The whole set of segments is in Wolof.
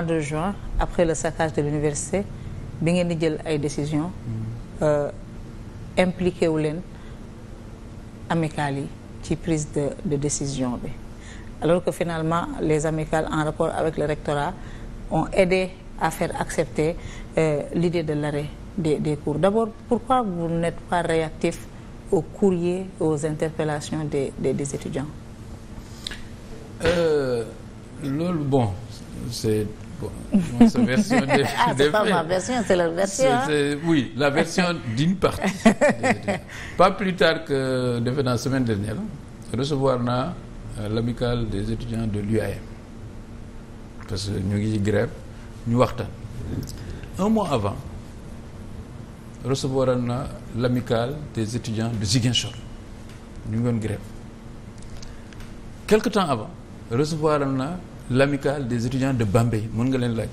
mois de juin après le saccage de l'université bi ngeen di jël ay décision mm-hmm. euh, impliqué wu leen amicales yi ci prise de décision bi alors que finalement les amicales en rapport avec le rectorat ont aidé à faire accepter euh, l'idée de l'arrêt des des cours d'abord pourquoi vous n'êtes pas réactif aux courriers aux interpellations des des, des étudiants. Euh, Bon, bon sa version de, ah, c'est pas ma version, c'est leur version. C'est, c'est, oui, la version d'une partie. pas plus tard que defe semaine dernière recevoir na euh, l'amicale des étudiants de l'UAM parce que ñu ngi ci ñu waxtaan. un mois avant recevoir na l'amicale des étudiants de Ziguinchor ñu ngi doon grève quelque temps avant recevoir naa. l'amicale des étudiants de Bambey mën nga leen laaj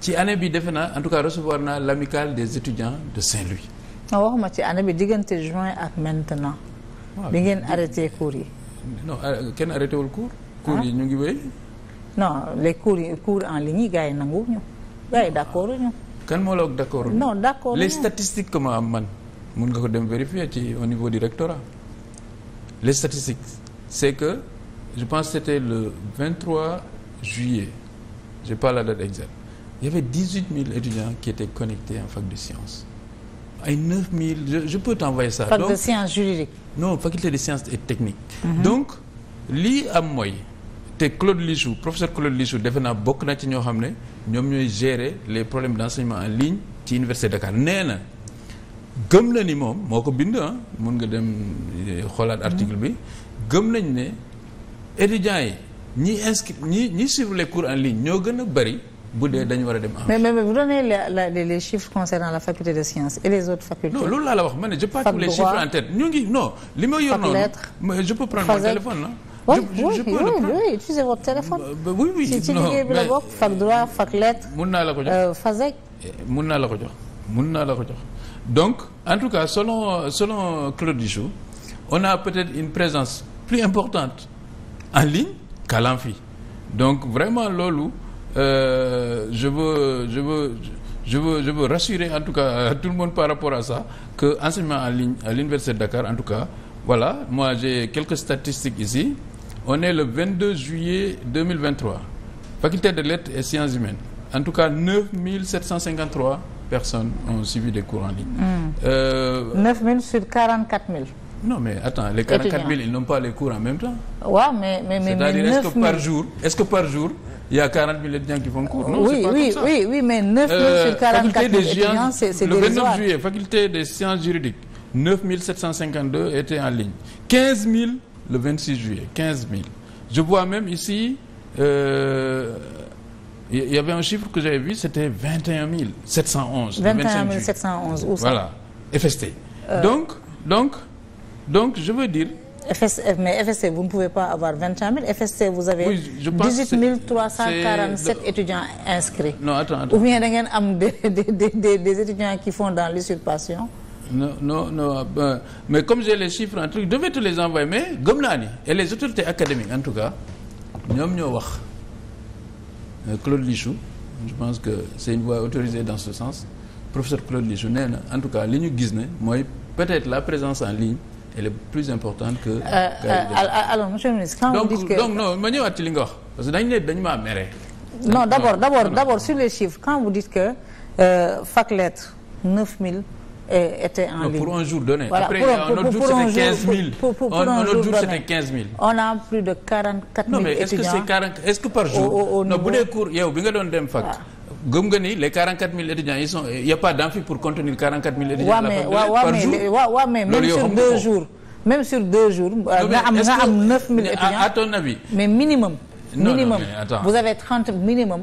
ci année bi defe naa en tout cas recevoir naa l'amicale des étudiants de Saint-Louis. non waxuma ci année bi diggante juin ak maintenant. Ah, bi ngeen arrêté cours yi. non ah, kenn arrêté wul cours. cours yi ah. ñu ngi wéy. non les cours yi en ligne yi gars yi nanguwuñu gars yi d'accord kan moo la wax d'accord. non d'accord les statistiques que ma am man mun nga ko dem vérifier ci au niveau du rectorat les statistiques c'est que. je pense que c'était le 23 juillet, je n'ai pas la date exacte, il y avait 18 000 étudiants qui étaient connectés en fac de sciences. ay 9 000 je, peux t'envoyer ça. fac non faculté de sciences et techniques. Mm -hmm. donc lii am mooy te Claude Lichou professeur Claude Lichou defe naa bokk na ci ñoo xam ne ñoom ñooy gérer les problèmes d' enseignement en ligne ci Université Dakar nee na gëm na ni moom moo ko bind ah mun nga dem eh, xoolaat article bi mhm. gëm nañ ne. étudiants yi ñi inscrit ñi ñi suivre les cours en ligne ñoo gën a bëri bu dee dañu war a dem en mais mais vous donnez la, la, les, les chiffres concernant la faculté de sciences et les autres facultés. non loolu laa la wax ma ne je les chiffres en tête ñu ngi non. li ma yor noonu je peux prendre mon téléphone là. Oui, je, oui, je oui, téléphone. oui, oui, ci liggéey bi la mun naa la ko jox euh, FASEG. Eh, mun naa la ko jox mun naa la ko jox donc en tout cas selon selon Claude Dichou on a peut-être une présence plus importante. en ligne qu'à l'amphi donc vraiment loolu euh, je veux je veux je veux je veux rassurer en tout cas euh, tout le monde par rapport à ça que enseignement en ligne à l'université de Dakar en tout cas voilà moi j'ai quelques statistiques ici on est le 22 juillet 2023 faculté de lettres et sciences humaines en tout cas 9753 personnes ont suivi des cours en ligne. Mmh. Euh, 9000 sur non mais attends les 44 000 ils n'ont pas les cours en même temps. waaw jour est-ce que par jour il y a 40 000 étudiants qui font cours. non oui, c'est pas oui, comme ça oui oui euh, le 29 juillet faculté des sciences je vois même ici. Euh, il y avait un chiffre que j'avais vu, c'était 21 711. 21 711, où ça Voilà, FST. Euh... Donc, donc je veux dire. s mais FST vous ne pouvez pas avoir 25 000 FST vous avez. oui je pense 18 347 étudiants inscrits. non attends attends ou bien da ngeen am des des des des étudiants qui font dans l'usurpation. non non non euh, mais comme j'ai les chiffres en truc je vais les envoyer mais gëm naa ni et les autorités académiques en tout cas ñoom ñoo wax euh, Claude Lichou je pense que c'est une voie autorisée dans ce sens professeur Claude Lichou nee en tout cas li ñu gis ne mooy peut-être la présence en ligne. elle est plus importante que. Euh, euh alors monsieur ministre. quand donc, vous que donc non ma ñëwaat ci li nga wax parce dañ ne dañu maa mere. non d' abord d' abord d' abord sur les chiffres quand vous dites que euh, fac lettres 9000 étaient en non, ligne. pour un jour donné. Voilà, après pour, un, pour, jour c'était un, un jour jour c'était 15000. plus de 44000 étudiants non mais est ce que c'est 40 est ce que par jour. au au, dee cours yow bi nga doon dem fac. gëm nga ni les 44 000 étudiants ils sont il y a pas d'amphi pour contenir 44 000 étudiants. la mais waaw waaw mais waaw mais même sur deux jours. même sur deux jours. Euh, nga am nga am 9000 étudiants à ton avis. mais minimum. minimum vous avez 30 minimum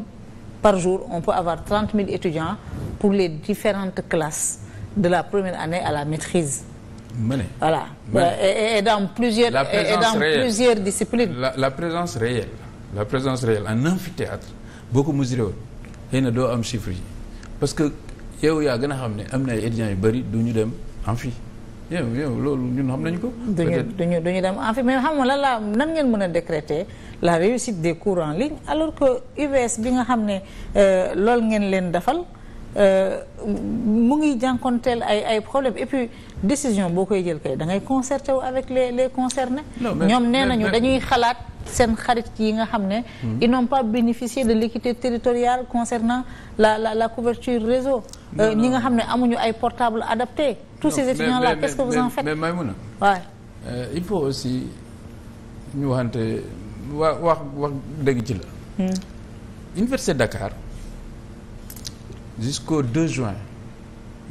par jour on peut avoir 30 000 étudiants pour les différentes classes de la première année à la maîtrise. Mené. Voilà. Mené. Euh, et, et dans plusieurs et dans réelle. plusieurs disciplines. La, la présence réelle la présence réelle en amphithéâtre boo ko mesuré woon xëy na doo am chiffre yi parce que yow yaa gën a xam ne am na ay étudiants yu bëri du ñu dem en fii yow yow loolu ñun xam nañu ko. duñu duñu duñu dem en mais xam nga lan laa nan ngeen mën a décréter la réussite des courant en ligne alors que UVS bi nga xam ne euh, loolu ngeen leen defal euh, mu ngi jànkonteel ay ay problèmes et puis décision boo koy jël kay da ngay concerté wu avec les les concernés. ñoom nee nañu dañuy xalaat. seen xarit yi nga xam ne ils n'ont pas bénéficié de l'équité territoriale concernant la la la couverture réseau euh, ñi nga xam ne amuñu ay portable adapté tous ces étudiants là qu'est-ce que vous en faites waaye euh, il faut aussi ñu waxante wa wax wax dëgg ci la hmm. Université Dakar jusqu'au juin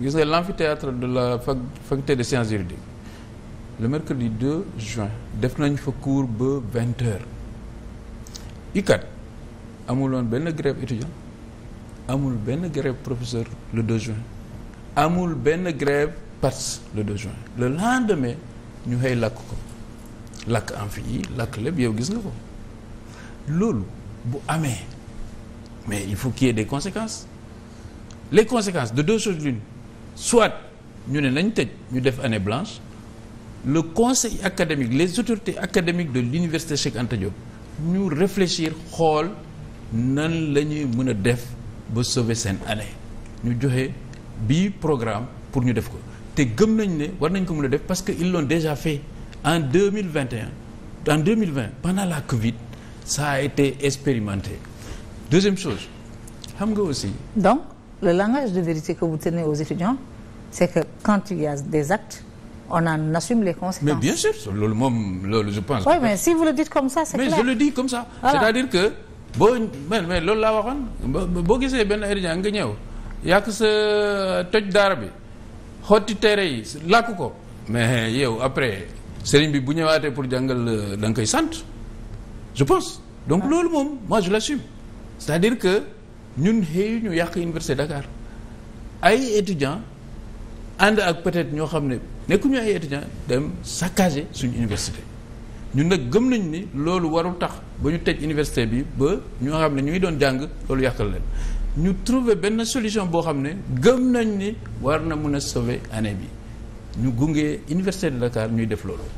gis nga l'amphithéâtre de la faculté de sciences juridiques le mercredi 2 juin def nañ fa cours ba vingt heures ICAT amuloon benn grève étudiant amul benn grève professeur le 2 juin amul benn grève PATS le 2 juin le lendemain ñu xëy lakk ko lakk amphi yi lakk lépp yow gis nga ko loolu bu amee mais il faut qu'il des conséquences les conséquences de deux choses l'une soit ñu ne nañ tëj ñu def année blanche le conseil académique les autorités académiques de l'université Cheikh Anta Diop ñu réfléchir xool nan la ñuy mën a def ba sauver seen année ñu joxe bi programme pour ñu def ko te gëm nañ ne war nañ ko mën a def parce que il l'ont déjà fait en deux mille vingt et un en deux mille vingt pendant la Covid ça a été expérimenté deuxième chose xam nga aussi. donc le langage de vérité que vous tenez aux étudiants c'est que quand il y des actes. on en assume les conséquences. mais bien sûr loolu moom loolu je pense. oui mais si vous le dites comme ça c'est clair. mais je le dis à dire que boo mais loolu laa waxoon boo gisee benn étudiant nga ñëw yàq sa toj daara bi xotti téere yi làkk ko. mais yow après sëriñ bi bu ñëwaatee pour jàngal euh, da nga koy sant je pense. donc ah. loolu moom moi je l'assume c'est-à-dire que ñun xëy ñu yàq université Dakar ay étudiants ànd ak peut-être ñoo xam ne. nekkuñu ay étudiants dem saccager suñu université ñun nag gëm nañ ni loolu warul tax ba ñu tëj université bi ba ñoo xam ne ñu doon jàng loolu yàqal leen ñu trouver benn solution boo xam ne gëm nañ ni war na mun a sauver année bi ñu gunge université de Dakar ñuy def loolu.